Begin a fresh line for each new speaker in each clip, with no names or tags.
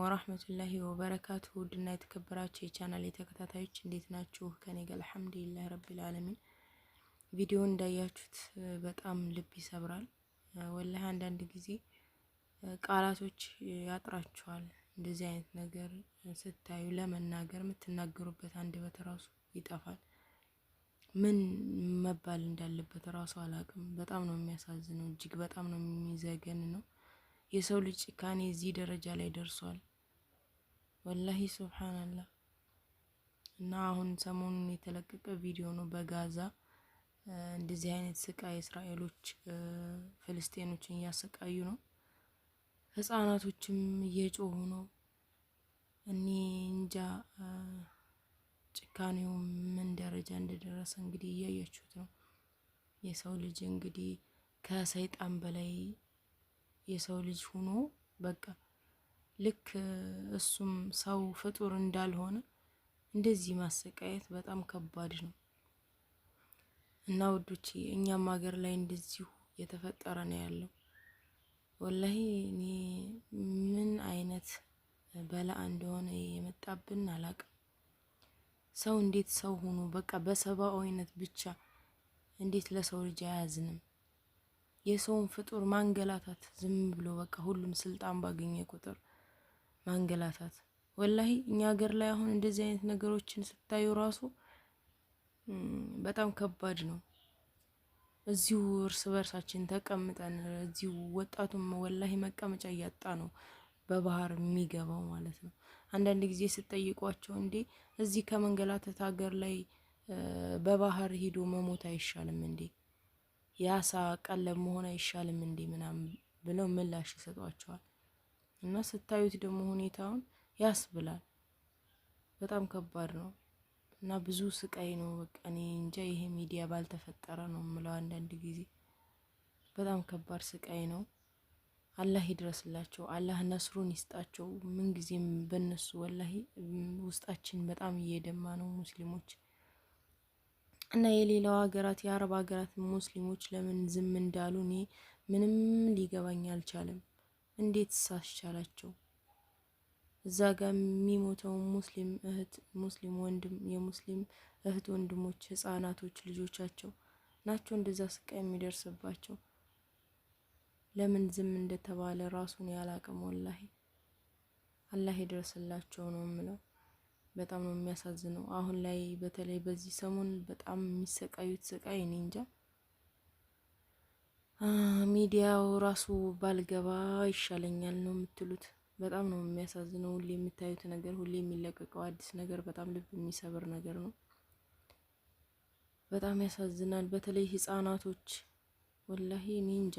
ወረህመቱላሂ ወበረካቱ ውድና የተከበራችሁ የቻናል የተከታታዮች እንዴት ናችሁ? ከኔ ጋር አልሐምዱሊላህ ረቢል ዓለሚን። እንዳያችሁት በጣም ልብ ይሰብራል። ወላሂ አንዳንድ ጊዜ ቃላቶች ያጥራችኋል። እንደዚህ አይነት ነገር ስታዩ ለመናገር የምትናገሩበት አንደበት ራሱ ይጠፋል። ምን መባል እንዳለበት ራሱ አላውቅም። በጣም ነው የሚያሳዝነው፣ እጅግ በጣም ነው የሚዘገን ነው። የሰው ልጅ ጭካኔ እዚህ ደረጃ ላይ ደርሷል። ወላሂ ሱብሃናላህ። እና አሁን ሰሞኑን የተለቀቀ ቪዲዮ ነው በጋዛ እንደዚህ አይነት ስቃይ እስራኤሎች ፍልስጤኖችን እያሰቃዩ ነው። ህጻናቶችም እየጮሁ ነው። እኔ እንጃ ጭካኔው ምን ደረጃ እንደደረሰ እንግዲህ እያያችሁት ነው። የሰው ልጅ እንግዲህ ከሰይጣን በላይ የሰው ልጅ ሆኖ በቃ ልክ እሱም ሰው ፍጡር እንዳልሆነ እንደዚህ ማሰቃየት በጣም ከባድ ነው እና ውዶቼ፣ እኛም ሀገር ላይ እንደዚሁ የተፈጠረ ነው ያለው። ወላሂ እኔ ምን አይነት በላ እንደሆነ የመጣብን አላቅም። ሰው እንዴት ሰው ሆኖ በቃ በሰብአዊነት ብቻ እንዴት ለሰው ልጅ አያዝንም? የሰውን ፍጡር ማንገላታት ዝም ብሎ በቃ ሁሉም ስልጣን ባገኘ ቁጥር ማንገላታት። ወላሂ እኛ ሀገር ላይ አሁን እንደዚህ አይነት ነገሮችን ስታዩ ራሱ በጣም ከባድ ነው። እዚሁ እርስ በርሳችን ተቀምጠን እዚሁ ወጣቱም ወላሂ መቀመጫ እያጣ ነው በባህር የሚገባው ማለት ነው። አንዳንድ ጊዜ ስጠይቋቸው እንዴ እዚህ ከመንገላተት ሀገር ላይ በባህር ሂዶ መሞት አይሻልም እንዴ? የአሳ ቀለብ መሆን አይሻልም እንዴ? ምናምን ብለው ምላሽ ይሰጧቸዋል። እና ስታዩት ደግሞ ሁኔታውን ብላል። በጣም ከባድ ነው እና ብዙ ስቃይ ነው። በቃ እኔ እንጃ ይሄ ሚዲያ ባልተፈጠረ ነው የምለው። አንዳንድ ጊዜ በጣም ከባድ ስቃይ ነው። አላህ ይድረስላቸው፣ አላህ ነስሩን ይስጣቸው። ምንጊዜም በነሱ ወላሂ ውስጣችን በጣም እየደማ ነው ሙስሊሞች እና የሌላው ሀገራት የአረብ ሀገራት ሙስሊሞች ለምን ዝም እንዳሉ እኔ ምንም ሊገባኝ አልቻለም። እንዴት ሳስቻላቸው እዛ ጋር የሚሞተው ሙስሊም እህት ሙስሊም ወንድም የሙስሊም እህት ወንድሞች ህጻናቶች ልጆቻቸው ናቸው እንደዛ ስቃይ የሚደርስባቸው። ለምን ዝም እንደተባለ ራሱን ያላቅም። ወላሂ አላህ ይድረስላቸው ነው የምለው። በጣም ነው የሚያሳዝነው። አሁን ላይ በተለይ በዚህ ሰሞን በጣም የሚሰቃዩት ስቃይ እኔ እንጃ። ሚዲያው ራሱ ባልገባ ይሻለኛል ነው የምትሉት። በጣም ነው የሚያሳዝነው። ሁሌ የምታዩት ነገር፣ ሁሌ የሚለቀቀው አዲስ ነገር በጣም ልብ የሚሰብር ነገር ነው። በጣም ያሳዝናል። በተለይ ህጻናቶች ወላሂ እኔ እንጃ።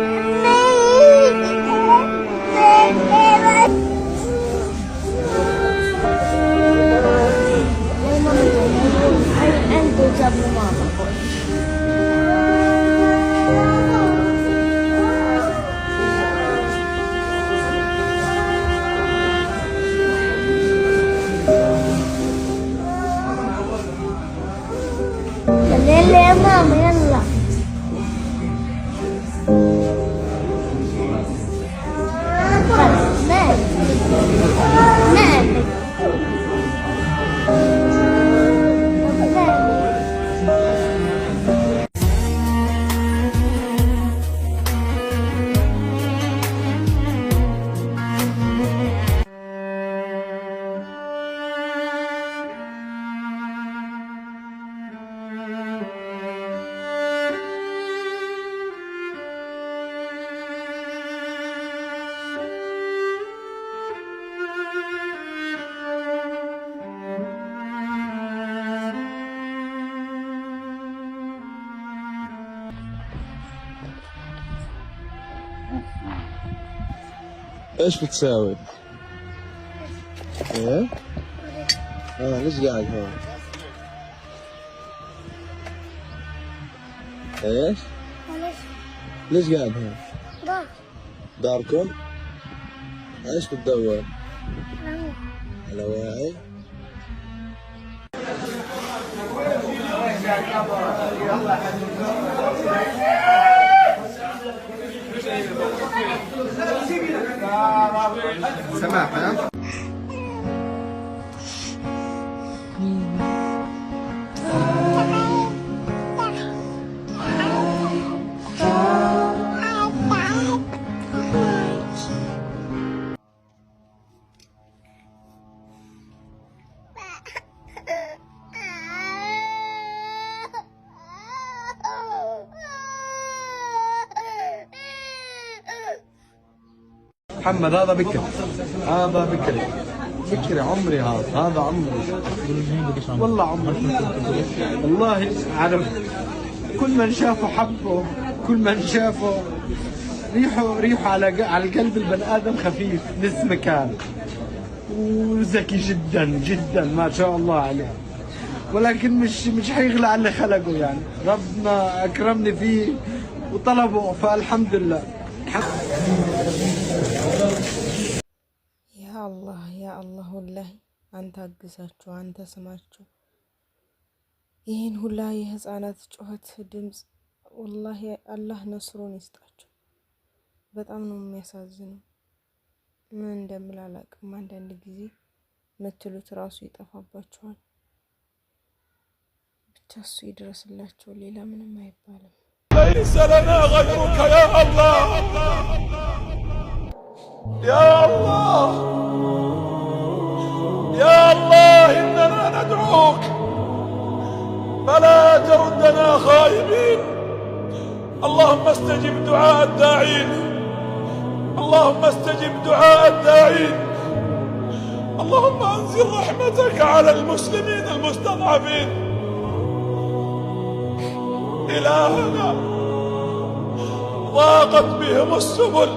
ايش بتساوي؟ ايه؟ اه ليش قاعد هون؟ ايش؟ ليش قاعد هون؟ دار داركم؟ ايش بتدور؟ على واعي على واعي
محمد هذا بكر هذا بكر بكري عمري هذا هذا عمري والله عمري والله عارف كل من شافه حبه كل من شافه ريحه ريحه على على قلب البني ادم خفيف نسمه كان وذكي جدا جدا ما شاء الله عليه ولكن مش مش حيغلى على اللي خلقه يعني ربنا اكرمني فيه وطلبه فالحمد لله الحمد
አንተ አግዛቸው፣ አንተ ስማቸው። ይህን ሁላ የህፃናት ጩኸት ድምፅ ወላሂ አላህ ነስሩን ይስጣቸው። በጣም ነው የሚያሳዝነው። ምን እንደምል አላቅም። አንዳንድ ጊዜ ምትሉት ራሱ ይጠፋባቸዋል። ብቻ እሱ ይድረስላቸው፣ ሌላ ምንም አይባልም።
ለይሰ ለና ገይሩከ ያ አላህ ያ አላህ ندعوك فلا تردنا خائبين اللهم استجب دعاء الداعين اللهم استجب دعاء الداعين اللهم انزل رحمتك على المسلمين المستضعفين إلهنا ضاقت بهم السبل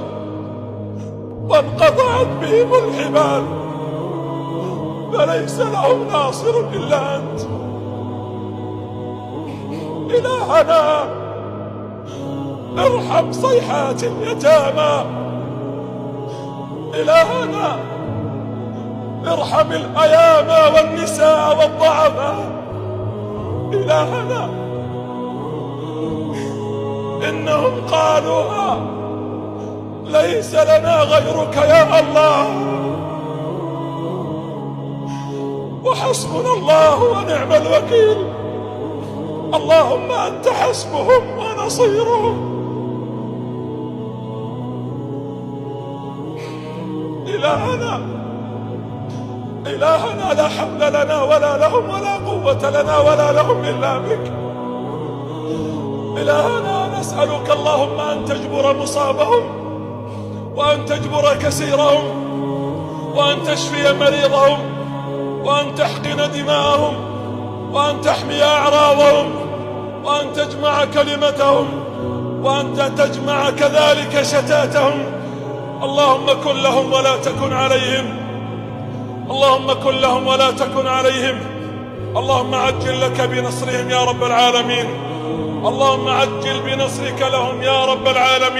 وانقطعت بهم الحبال فليس لهم ناصر إلا أنت إلهنا ارحم صيحات اليتامى إلهنا ارحم الأيامى والنساء والضعفاء إلهنا إنهم قالوا آه، ليس لنا غيرك يا الله وحسبنا الله ونعم الوكيل اللهم أنت حسبهم ونصيرهم إلهنا إلهنا لا حول لنا ولا لهم ولا قوة لنا ولا لهم إلا بك إلهنا نسألك اللهم أن تجبر مصابهم وأن تجبر كسيرهم وأن تشفي مريضهم وأن تحقن دماءهم وأن تحمي أعراضهم وأن تجمع كلمتهم وأن تجمع كذلك شتاتهم اللهم كن لهم ولا تكن عليهم اللهم كن لهم ولا تكن عليهم اللهم عجل لك بنصرهم يا رب العالمين اللهم عجل بنصرك لهم يا رب العالمين